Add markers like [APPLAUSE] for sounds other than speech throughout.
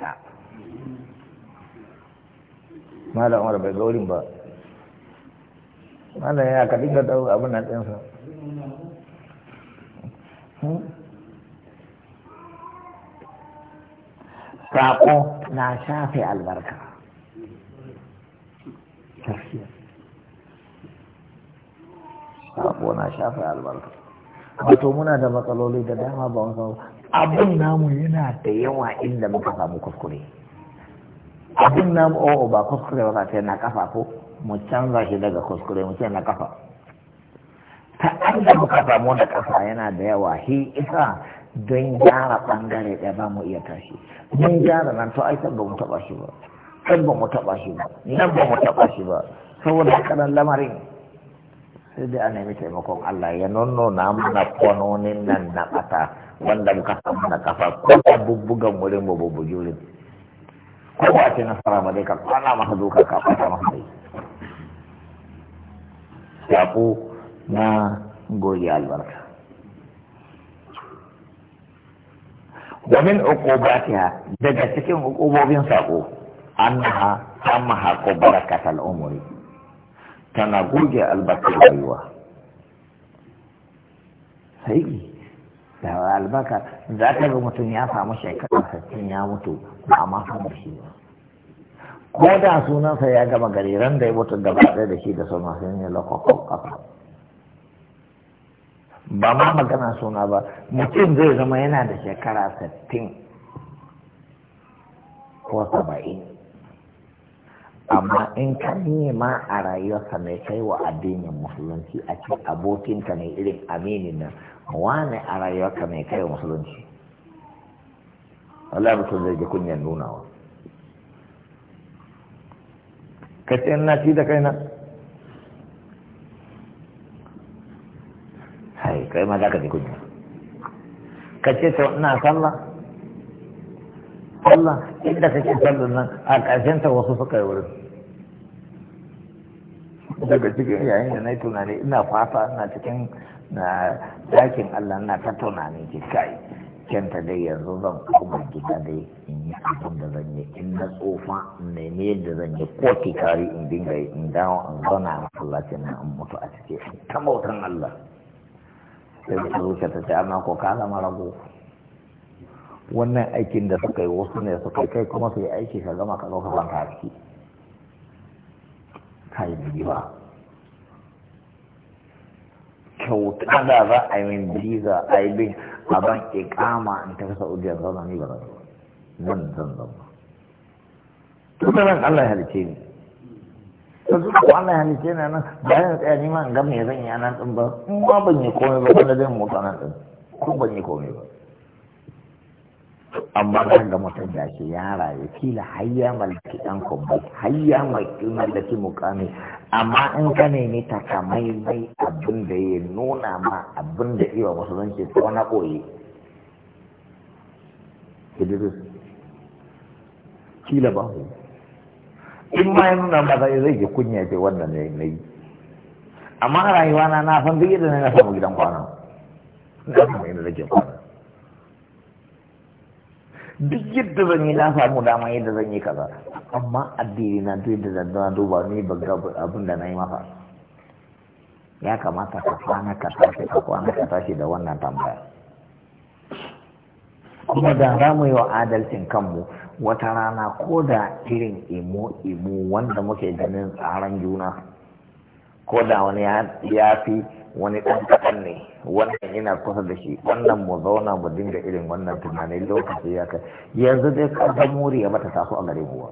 haka umar bai zaurin ba malam ya ka dinga abin nan ɗinsa hmm? saƙo na shafe albarka saƙo na shafe albarka wato muna da matsaloli da dama ba wasu abin namu yana da yawa inda muka samu kuskure abin namu o oh, oh, ba kuskure ba sai na kafa ko mu canza shi daga kuskure mu ce na kafa ta inda muka samu da kafa yana da yawa shi isa don gyara bangare ɗaya ba mu iya tashi mun gyara nan to ai san ba mu taba shi ba san ba mu taba shi ba nan ba mu taba shi ba saboda kanan lamarin sai dai a nemi taimakon Allah ya nonno na kwanonin nan na ɓata wanda muka samu na kafa ko a bubbugan wurin mu bubbugi wurin ko ba ce nasara ma dai ka kwana masa zo ka kafa ta masa dai yaƙo na goyi albarka ومن عقوباتها daga cikin hukubobin sako annaha tamaha ko barakatal umri tana goge albarkar rayuwa da albarka za ka ga mutum ya samu shekara sassin ya mutu ba a masan da shi ba ko da sunansa ya gama gari ran da ya mutu gaba ɗaya da shi da suna sun yi lokakon kafa ba ma magana suna ba mutum zai zama yana da shekara sittin ko saba'in amma in ka nema a rayuwarsa mai kai wa addinin musulunci a cikin abokinka ne irin aminin nan wane a rayuwarka mai kai musulunci Allah mutum zai ji kunyan nunawa ka ce na ci da kaina hai kai ma za ka ji kunya ka ce ta ina sallah sallah inda ce sallah nan a ƙarshen ta wasu suka yi wurin daga cikin yayin da na yi tunani ina fata ina cikin na dakin Allah na ta tunanin ki kai kenta dai yanzu zan koma gida dai in yi abin da zan yi in na tsofa ne ne yadda zan yi ko ki kari in dinga yi in dawo in zauna Allah masallaci na an mutu a cike ta mautan Allah sai ta zuciya ta ce amma ko kala marago wannan aikin da suka yi wasu ne suka kai kuma su yi aiki ka gama ka zo ka kwanta a ciki kai ba kyauta da za a yi min biza a yi bin a ban ikama in ta kasa ujiyar zauna ni ba za su nan zan zauna tuka nan allah ya halice ni ta zuwa ko allah ya halice ni nan bayan tsaya ni ma in ga me zan yi a ɗin ba in ma ban yi komai ba wanda zan motsa nan ɗin ko ban yi komai ba amma kan ga mutum da ke yara ya kila hayya malaki dan kumbai hayya malaki mukami amma in ka nemi takamaimai abin da ya nuna ma abin da iya musulunci ko na koyi idris kila ba mu in ma ya nuna ba zai zai ji kunya ce wannan ne na yi amma rayuwa na na san duk yadda na samu gidan kwana na samu inda nake kwana duk yadda zan yi na samu dama yadda zan yi kaza amma addini na duk yadda zan duba ni ba ga abin da na yi maka. ya kamata ka kwana ka tashi ka kwana ka tashi da wannan tambaya kuma da za mu yi wa adalcin kanmu wata rana ko da irin imo imo wanda muke ganin tsaron juna ko da wani ya fi wani ɗan kaɗan ne wannan yana kusa da shi wannan mu zauna mu dinga irin wannan tunanin lokaci ya kai yanzu dai ƙarfin muriya bata taso a gare buwa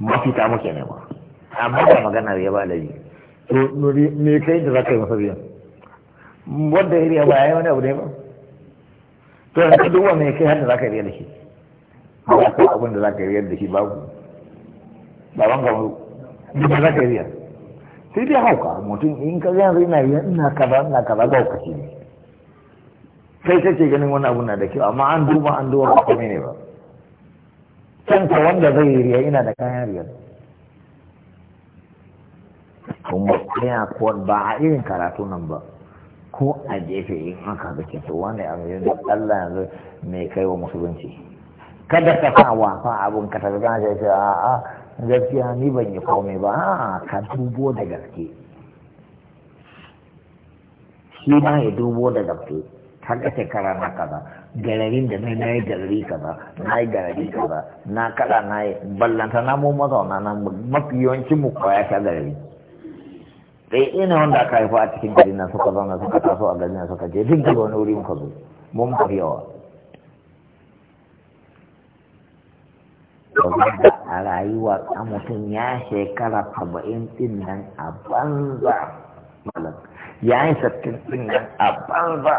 mafita muke nema amma da magana ya ba laji to me kai da za ka yi masa biyan wanda ya riya ba ya yi wani abu ne ba to yanzu duk wanda ya kai har da za ka riya da shi ba ko abin da za ka riya da shi babu baban gamu duk da za ka riya sai dai hauka mutum in ka yanzu ina ina kaza ina kaza ba hauka Sai kai kake ganin wani abu na da kyau amma an duba an duba ba kome ne ba ka wanda zai yi riya ina da kayan riya kuma ina ko ba a irin karatu nan ba ko a jefe in aka ga to wani abu yanzu Allah yanzu mai kai wa musulunci kada ka sa wafa abun ka tafi gana sai a a gaskiya ni ban yi komai ba a ka dubo da gaske shi ma ya dubo da gaske ta ga shekara na kaza gararin da na yi garari kaza na yi garari kaza na kada na yi ballanta na mu mazauna na mafi yawancin mu kwaya ta garari sai ina wanda aka haifa a cikin gari na suka zauna suka taso a gari na suka je duk da wani wuri muka zo mun fi yawa a rayuwa a mutum ya shekara saba'in din nan a banza malam ya yi sattin din nan a banza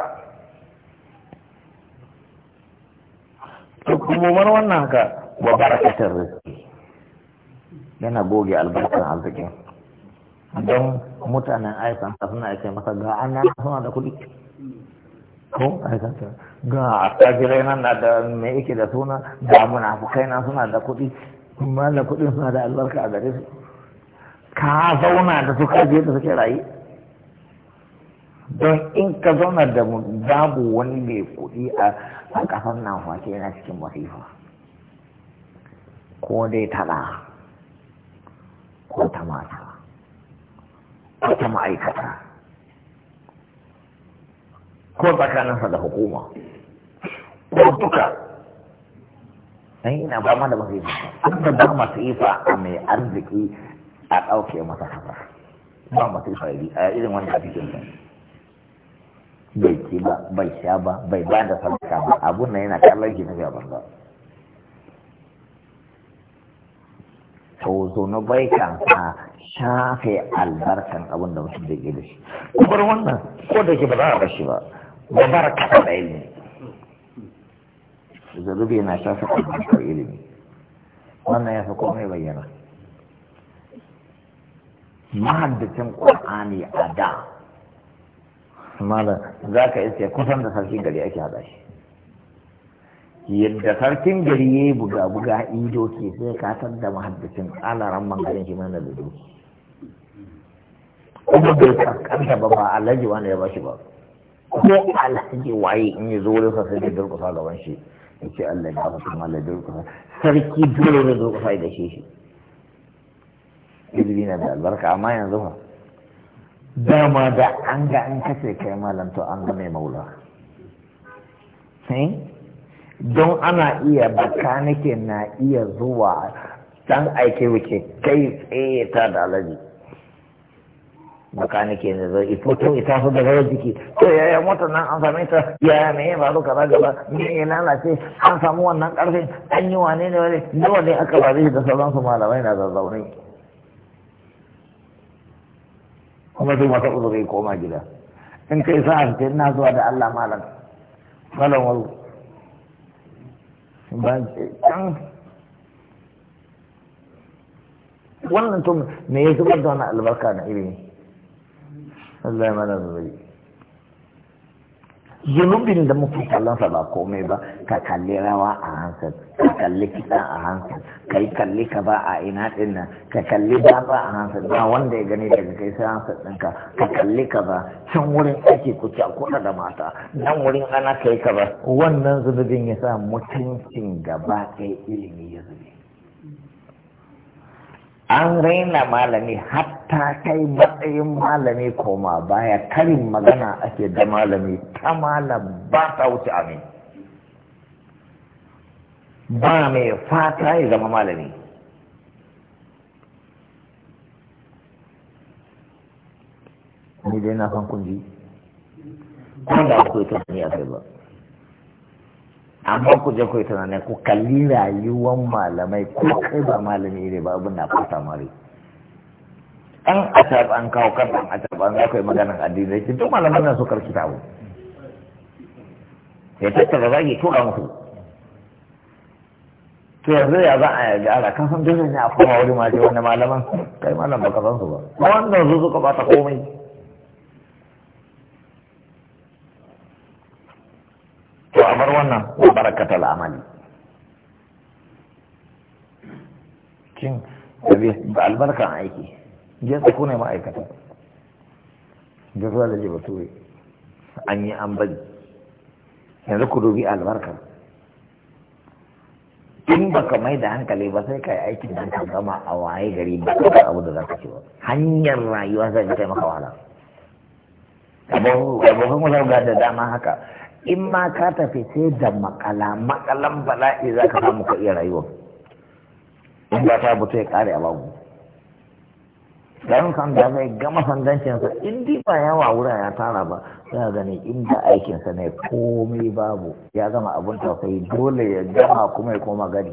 to kuma wannan haka wa barakatar rizki yana goge albarkar arzikin don mutanen ta suna aike masa ga an suna da kuɗi ko aikansa ga tsagirai nan na da mai yake da suna ga munafukai na suna da kuɗi amma da kuɗin suna da albarka a gare su ka zauna da su kaje da suke rayu don in ka zauna da babu wani mai kuɗi a ƙasar nan face yana cikin masifa ko dai tara ko ta mata ko ta ma'aikata ko tsakaninsa da hukuma ko duka dan ina ba ma da ba zai ba masu ifa a mai arziki a ɗauke masa haka ba masu ifa a irin wanda cikin sa bai ci ba bai sha ba bai ba da sadaka ba abun nan yana kallon shi na gaban ba to bai kan sa shafe albarkan abun da mutum da ke da shi kuma wannan ko da ke ba za a bar shi ba ba bar kaɗa ɗaya ne zunubi na shafi albarkar ilimi wannan ya fi komai bayyana mahaddacin ƙwar'ani a da za ka iske kusan da sarkin gari ake haɗa shi yadda sarkin gari ya yi buga-buga ido ke sai katar da mahaddacin alaran mangarin shi mana da doki kuma bai kaskanta ba ba alhaji wani ya ba shi ba ko alhaji waye in ya zo wurin sa gari da durkusa gaban shi ya ce Allah ya gafa kuma da durkufa sarki dole ne durkufa da shi shi ilimi na da albarka amma yanzu ba dama da an ga an kace kai malam to an ga mai maula eh? don ana iya bakanike na iya zuwa dan aike wuce kai tsaye ta da alaji nake ne zai ifo to ita fa daga jiki to yaya motar nan an same ta yaya me ya faru ba gaba ne ya lalace an samu wannan karfe an yi wane ne wale ne ne aka ba zai da su malamai na zazzaune kuma su mata uzuri koma gida in kai a cikin ina zuwa da Allah malam malam waru ba kan wannan tun me ya zubar da wani albarka na ilimi Allah ya mana zunubin da muke kallon sa ba komai ba ka kalli rawa a hansar ka kalli kiɗa a hansar ka yi kalli ka ba a ina ɗin ka kalli ba ba a hansar ba wanda ya gani daga kai sai hansar ɗinka ka kalli ka ba can wurin ake ku cakuɗa da mata nan wurin ana kai ka ba wannan zunubin ya sa mutuncin gaba ɗaya ilimi ya zube an raina malami hatta kai matsayin malami koma baya karin magana ake da malami ta malam ba ta wuce amin ba mai fata ya zama malami ni dai na san kun ji ko da ku ita ne ya ba amma ku je ku yi tunanin ku kalli rayuwar malamai ko kai ba malami ne ba abin na fata mare an atab an kawo kan an atab an za ku maganar addini ce duk malamai na so karki tawo ya tattara zagi tura musu to yanzu ya za a yaji ala kan san dole ne a koma wuri ma ce wani malaman kai malam ka san su ba wannan ka suka bata komai to a bar wannan wa barakata al'amali kin albarkan aiki je su kuna ma'aikata da zuwa da jibature an yi an bari yanzu ku dubi albarka. in ba ka mai da hankali ba sai ka yi aikin da ka gama a waye gari ba ka abu da za ka ci ba hanyar rayuwa zai ta maka wahala abubuwan ga da dama haka in ma ka tafi sai da makala makalan bala'i za ka samu ka iya rayuwa in ba ta butu ya kare a babu dan sanda zai gama sandancinsa in di ba yawa wurin ya tara ba ya gani inda aikinsa ne komai babu ya gama abun tausayi dole ya gama kuma ya koma gari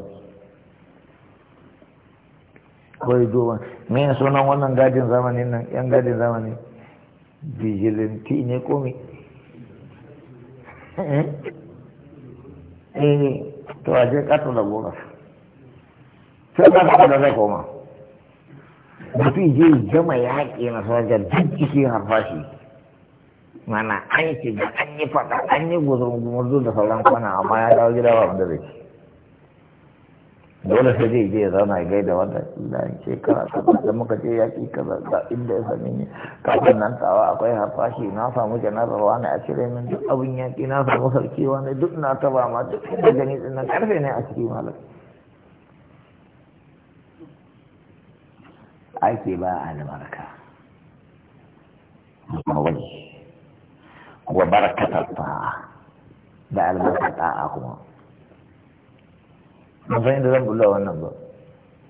kawai doban me sunan wannan gadin zamanin nan yan gadin zamani vigilanti ne komai Eh, eh to aje je kato da gora sai ba ka da zai koma mutum je gama yaƙi na sojan duk cikin harfashi mana an shiga an yi faɗa an yi gudun gumurzu da sauran kwana amma ya dawo gida ba wanda zai dole sai zai je ya zauna ya gaida wannan layin shekara kaza da muka ce ya ki kaza ga inda ya sami ne kafin nan tawa akwai harfashi na samu janarar wani a cire min duk abin yaƙi na samu sarki wani duk na taba ma duk inda gani din nan karfe ne a cikin malam ake ba a albarka mawai wa barakatar ta da albarkar ta'a kuma ban san inda zan bulla wannan ba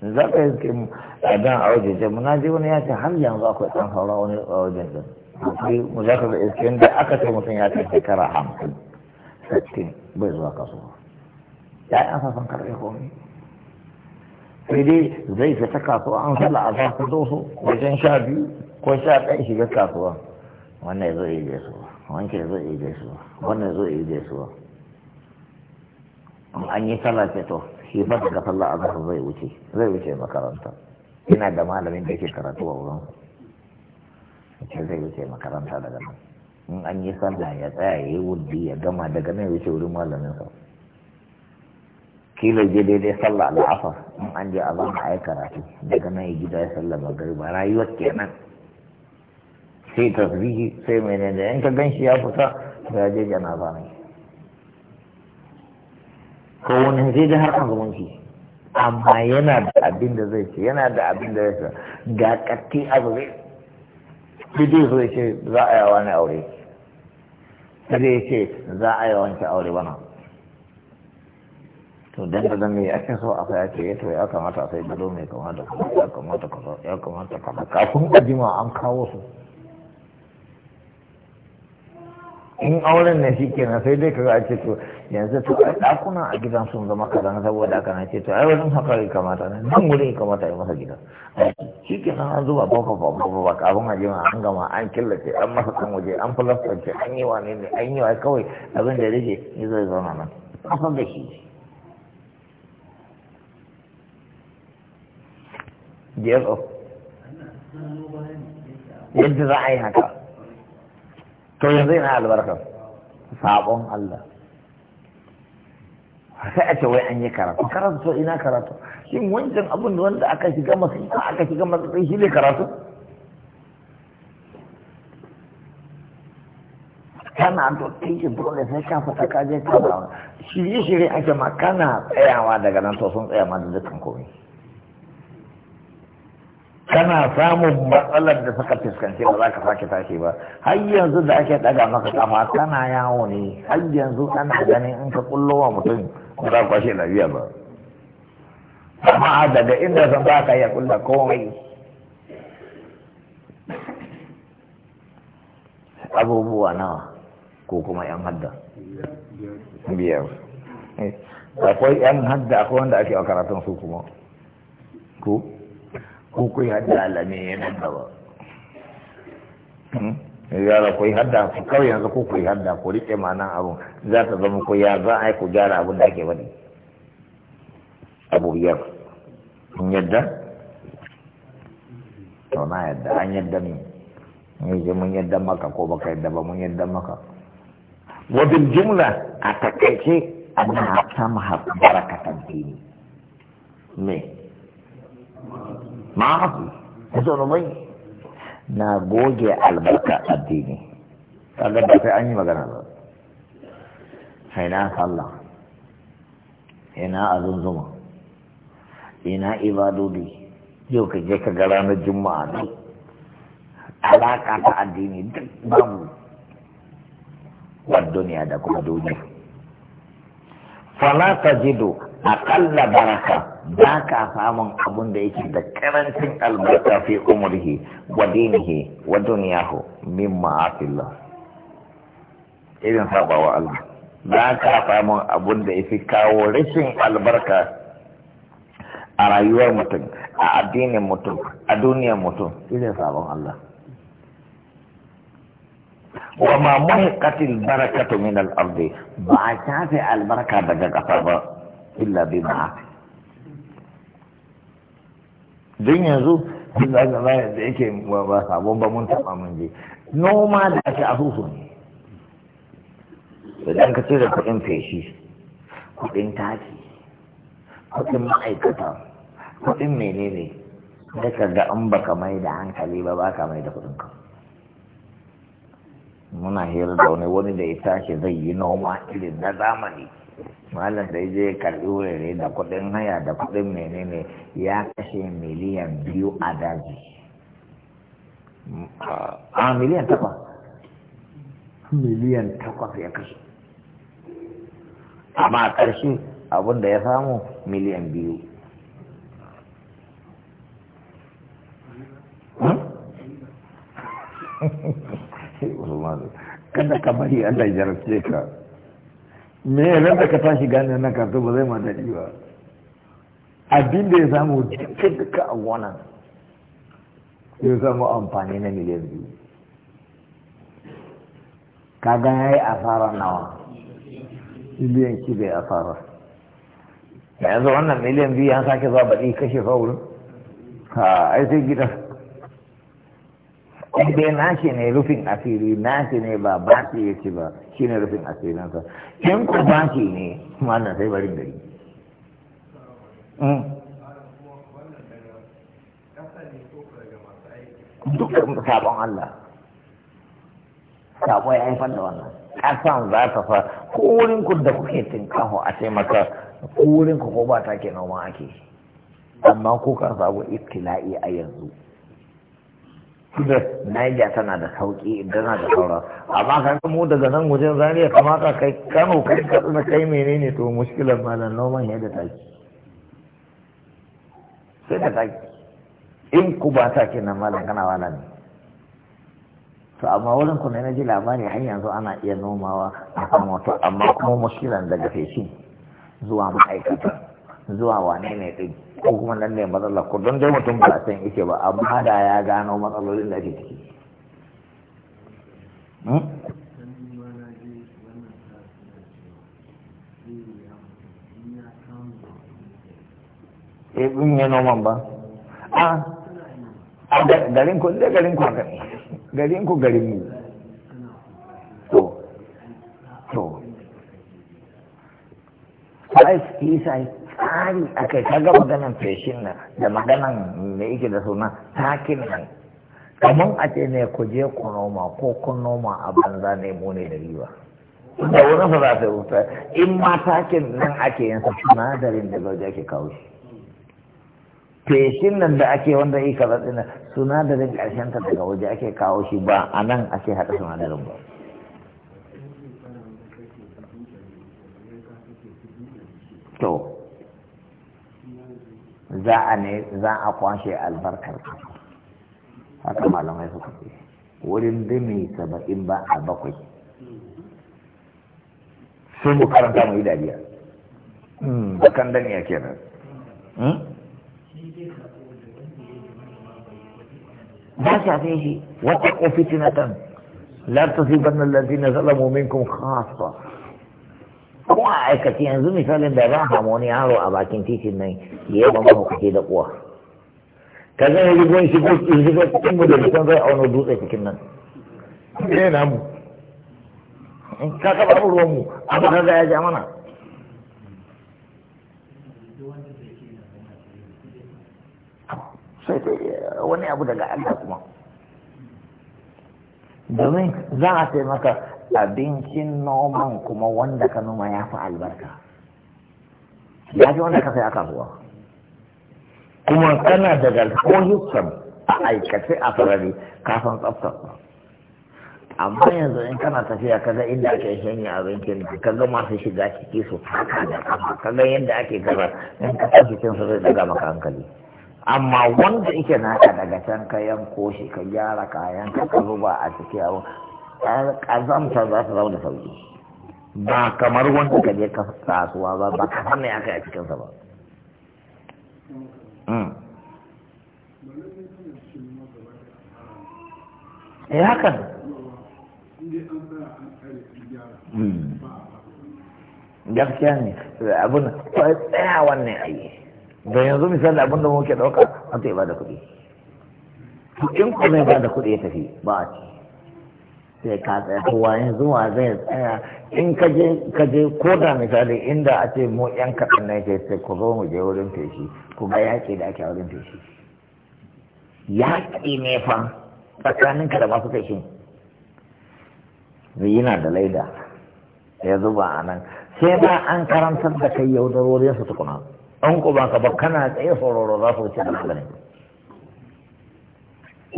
za ka yi mu a dan a wajen jami'a. na je wani ya ce har yanzu akwai ɗan saura wani a wajen jami'a. akwai mu za ka zai iske inda aka ce mutum ya ce shekara hamsin sattin bai zuwa kaso ya yi an san karfe komai sai dai zai fita kasuwa an sala a za su doso wajen sha biyu ko sha ɗaya shiga kasuwa wannan ya zo ya yi gaisuwa wanke ya zo ya yi gaisuwa wannan ya zo ya yi gaisuwa an yi sallah ce to shi fa daga sallah azhar zai wuce zai wuce makaranta ina da malamin da yake karatu a wurin ce zai wuce makaranta daga nan in an yi sallah ya tsaya ya yi wuddi ya gama daga nan wuce wurin malamin sa kila je daidai sallah al'asar in an je a zama a yi karatu daga nan ya gida ya sallah magariba rayuwar kenan sai tasbihi sai mai ne da yanka gan shi ya fita ya je janaza ne ko wani zai ji har azumunci amma yana da abin da zai ce yana da abin da zai ce ga katti azumi sai dai so ce za a yi wani aure sai ce za a yi wanke aure bana to dan da zan yi ake so a ce eh to ya kamata sai gado mai kamata ya kamata ka kafin ajima an kawo su in auren ne shi kenan sai dai kaga a ce to yanzu to a dakuna a gidan sun zama kaza saboda haka na ce to ai wajen haka ya kamata ne nan wurin ya kamata ya masa gida shi kenan an zuba boko ba boko ba kafin a jima an gama an killace an masa kan waje an fulastance an yi wane ne an yi wa kawai abin da ya rage ni zai zauna nan kasar da shi oh. yadda za a yi haka to yanzu yana albarka sabon Allah sai a ce wai an yi karatu karatu to ina karatu shin wancan abin da wanda aka shiga masifa aka shiga matsayin shi ne karatu kana to kike dole sai ka fita ka je ka shirye shirye ake ma kana tsayawa daga nan to sun tsaya ma da dukkan komai kana samun matsalar da suka fuskanci ba za ka sake tashi ba har yanzu da ake daga maka kama kana yawo ne har yanzu kana ganin in ka kullo wa mutum ba za kwashe lafiya ba amma daga inda san ba ka iya kulla komai abubuwa nawa ko kuma yan hadda biyar akwai yan hadda akwai wanda ake wa karatun su kuma ko ko kuyi hadda alami ya nan gaba hmm? yara ku yi hadda ku kawai yanzu ko kuyi hadda ku riƙe nan abun za ta zama ku ya za a yi ku gyara abun da ake wani abu biyar kun yadda to na yadda an yadda ne ne je mun yadda maka ko baka yadda ba mun yadda maka wajen jumla a takaice abin hafsa mahaɓarakatan dini ne ma'afi zunubai na goge albarka addini kaga ba sai an yi magana ba haina sallah ina azunzuma ina ibadodi yau ka je ka ga ranar juma'a duk alaka ta addini duk babu wa duniya da kuma duniya fala tajidu aqalla baraka ba ka samun abun da yake da karancin albarka fi umurhi wa dinihi wa duniyahu min ma'afillah irin sabawa Allah ba ka samun abun da yake kawo rashin albarka a rayuwar mutum a addinin mutum a duniyar mutum irin sabon Allah wa ma katil barakatu min al-ardi ba a shafe albarka daga kafa ba illa bi ma'afi don yanzu duk da da yake ba sabon ba mun taɓa mun je noma da ake asusu ne idan ka ce da kuɗin feshi kuɗin taki kuɗin ma'aikata kuɗin menene da ka ga an ba ka mai da hankali ba ba ka mai da kuɗin ka muna hira da wani wani da ya tashi zai yi noma irin na zamani malam da je karbi wurare da kudin haya da kudin menene ya kashe miliyan biyu a daji a miliyan takwas miliyan takwas ya kashe amma a ƙarshe abin da ya samu miliyan biyu hmm? [LAUGHS] kada ka bari Allah jarabce ka me ran da ka tashi gane na karto ba zai ma daɗi ba abin da ya samu duka duka a wannan ya samu amfani na miliyan biyu ka ga ya yi asara nawa miliyan ki bai asara yanzu wannan miliyan biyu ya sake zuwa baɗi kashe faurin ha ai sai gidan in dai shi ne rufin asiri shi ne ba ba su ya ci ba shi ne rufin asirinsa in ku ba shi ne na sai barin gari hmm. sabon Allah sabon ya haifar da wannan kasan za ta fa ko wurin ku da kuke tinkaho a taimaka ko wurin ku ko ba ta ke noma ake amma ko ka samu ibtila'i a yanzu Niger tana da sauki tana da saura amma kan mu daga nan wajen zariya kamata kai Kano kai ka tsina kai menene to mushkilar malam noman ya da taki sai da taki in ku ba ke nan malam kana wala ne to amma wurin ku ne na ji labari har yanzu ana iya nomawa a kan wato amma kuma mushkilan daga feshin zuwa ma'aikatan. zuwa wane ne ɗin ko kuma nan ne matsalar ku don dai mutum ba san yake ba amma da ya gano matsalolin da ake ciki E in ya noman ba. Ah, a, garin ku, zai garin ku haka Garin ku garin mu. To, to. Ai, isa tsari a kai kaga maganan feshin nan da maganan da yake da suna takin nan kamar a ce ne ku je ku noma ko kun noma a banza ne mu ne da riba da wurin su za yi wuta in ma takin nan ake yin sa sinadarin da bai ke kawo shi feshin nan da ake wanda yi kaza dinnan sinadarin ƙarshen ta daga waje ake kawo shi ba a nan ake haɗa sinadarin ba za a ne za a kwashe albarkar haka malamai suka ce wurin dumi saba'in ba a bakwai sun mu karanta mu yi dariya hmm, bakan daniya nan hmm? ba shafe shi wata ofitinatan la tusibanna na zalamu minkum khassa ko a aikace yanzu misalin da zan hamu wani yaro a bakin titin nan ya yi mamma hukace da kuwa ka zan yi in shigo shigo cikin mu da rigon zai auno dutse cikin nan eh na mu ka taba ruwan mu abu ka ga ya ja mana sai eh, wani abu daga Allah kuma domin za a sai maka abincin noman kuma wanda ka noma ya fi albarka ya fi wanda ka sai a zuwa kuma kana da galkohissan a aikace a farari kafin tsaftar amma yanzu in kana tafiya kaga inda ake shanye abincin da kaga masu shiga ciki su haka da kafa kaga yadda ake kaza in ka tafi cin su zai daga maka hankali amma wanda yake naka daga can ka yanko shi ka gyara kayan ka ka zuba a cikin ƙazanta za su zama da sauki ba kamar wanda ka je kasuwa ba ba ka san ya aka yi a cikinsa ba hmm. eh hakan hmm. gaskiya ne abin kwai tsaya wannan ayi da yanzu misali abin da muke ɗauka an ta ba da kuɗi in kuma ba da kuɗi ya tafi ba a ci sai ka tsaya kowa yanzu wa zai tsaya in ka je ko da misali inda a ce mu yan kaɗan na ke sai ku zo mu je wurin feshi ku ga yaƙi da ake wurin feshi yaƙi ne fa tsakanin ka da masu feshi yana da laida ya zuba a nan sai ba an karantar da kai su tukuna an ku ba ka ba kana tsaye sauraro za su wuce da ne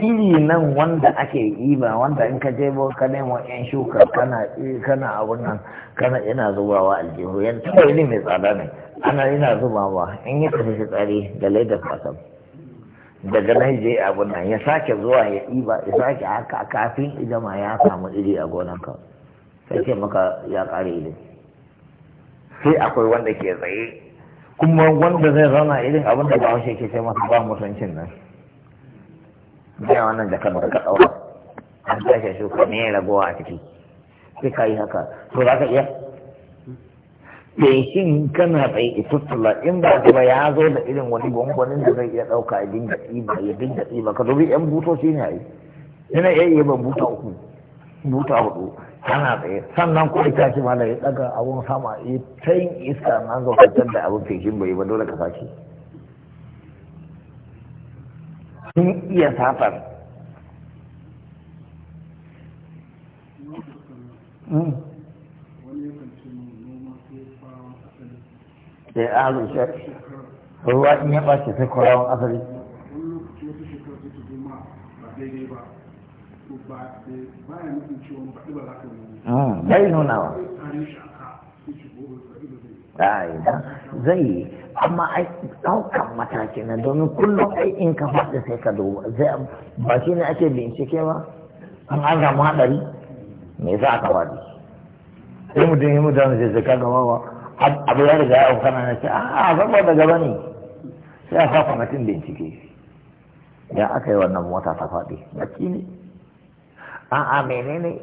iri nan wanda ake ba wanda in ka je bo ka nemo yan shuka kana kana abun nan kana ina wa aljihu yan tawai ne mai tsada ne ana ina ba. in ya tafi tsari da laidar fasam daga nan je abun nan ya sake zuwa ya ɗiba ya sake haka kafin idama ya samu iri a ka sai ce maka ya ƙare ilimi sai akwai wanda ke tsaye kuma wanda zai zauna irin abin da ba ke ce masa ba mutuncin nan biya wannan da kamar ka ɗaura an tashi shuka ne ragowa a ciki sai ka yi haka to za ka iya feshin kana ita tula in ba ba ya zo da irin wani gwangwanin da zai iya ɗauka ya dinga ba, ya dinga ba. ka dubi yan butoci ne a yi yana iya iya ban buta uku buta hudu kana tsaye sannan ko ita ce da ya ɗaga abun sama ya ta yin iska na zo fitar da abun feshin bai ba dole ka sashi sun iya safar hmm. shi ruwa in ya ɓace sai kwarawan asali hmm, bai nunawa zai amma ai ɗaukan mataki na domin kullum ai in ka faɗi sai ka duba zai ba shi ne ake bincike ba an an samu haɗari me za ka faɗi sai mutum yi mutum zai zai ka gaba ba abu ya riga ya kana na ce a da gaba ne sai a sa mutum bincike ya aka yi wannan mota ta faɗi baki ne a'a menene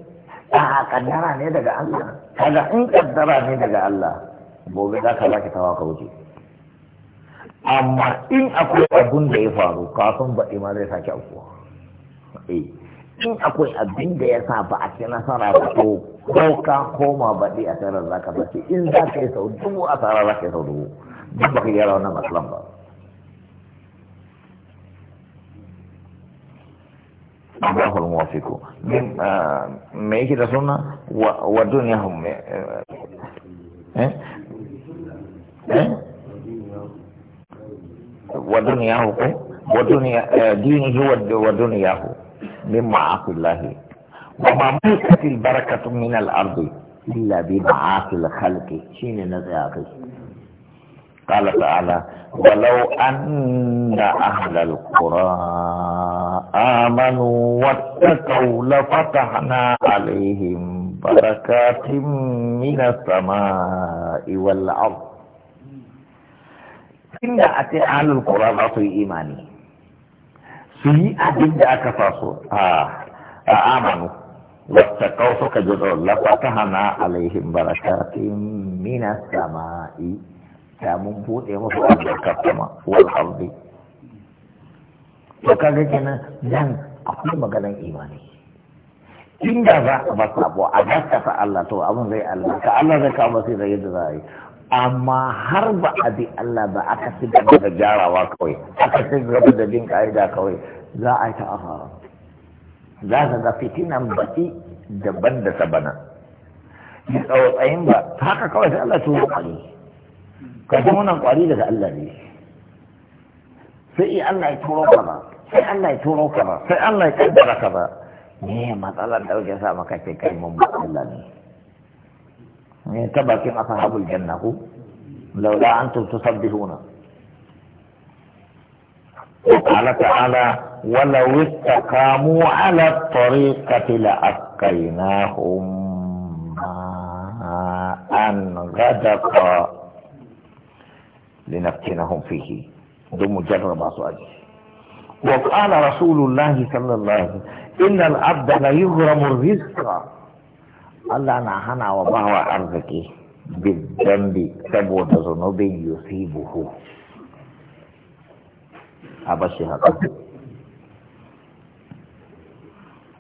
a'a kaddara ne daga Allah kaga in kaddara ne daga Allah gobe za ka ki tawa ka wuce amma in akwai abun da ya faru kafin baɗi ma zai sake aukuwa eh, in akwai abin da ya sa ba a ci nasara ba to ko ka koma baɗi a tsarar za ka bace in za ka yi sau dubu a tsarar za ka yi sau dubu duk ba ka gyara wannan matsalan ba الله الموافق من ما يجي رسولنا ودنياهم ايه ايه ودنياه ودنيا آه، دينه ودنياه من معاصي الله وما ملكت البركة من الأرض إلا بمعاصي الخلق شين نزاقه قال تعالى ولو أن أهل القرى آمنوا واتقوا لفتحنا عليهم بركات من السماء والأرض inda a ce ahlul qura za su yi imani su yi abin da aka sa su a amanu wattaqaw suka ji tsoron la fatahana alaihim barakatin minas sama'i ta mun buɗe musu albarkar sama wal ardi to kaga kenan nan akwai maganar imani inda za a ba sabo a gaskata Allah to abin zai ka Allah zai kawo sai da yadda za a yi amma har ba a bi Allah ba aka fi gaba da gyarawa kawai aka fi gaba da bin ka'ida kawai za a yi ta ahara za ka ga fitinan baki daban da ta bana ya tsawo ba haka kawai sai Allah turo kwari ka ji wannan kwari daga Allah ne sai Allah ya turo ka ba sai Allah ya turo ka ba sai Allah ya kaddara ka ba ne matsalar da kake sa maka kai kai mun ba Allah ne من تبكين أصحاب الجنة لولا أنتم تصدقون وقال تعالى ولو استقاموا على الطريقة لأسقيناهم ماء غدقا لنفتنهم فيه دم مجرب أزواجه وقال رسول الله صلى الله عليه وسلم إن العبد ليغرم الرزق Allah na hana wa bawa arziki biddambi saboda zunubin yusibuhu a bashi haka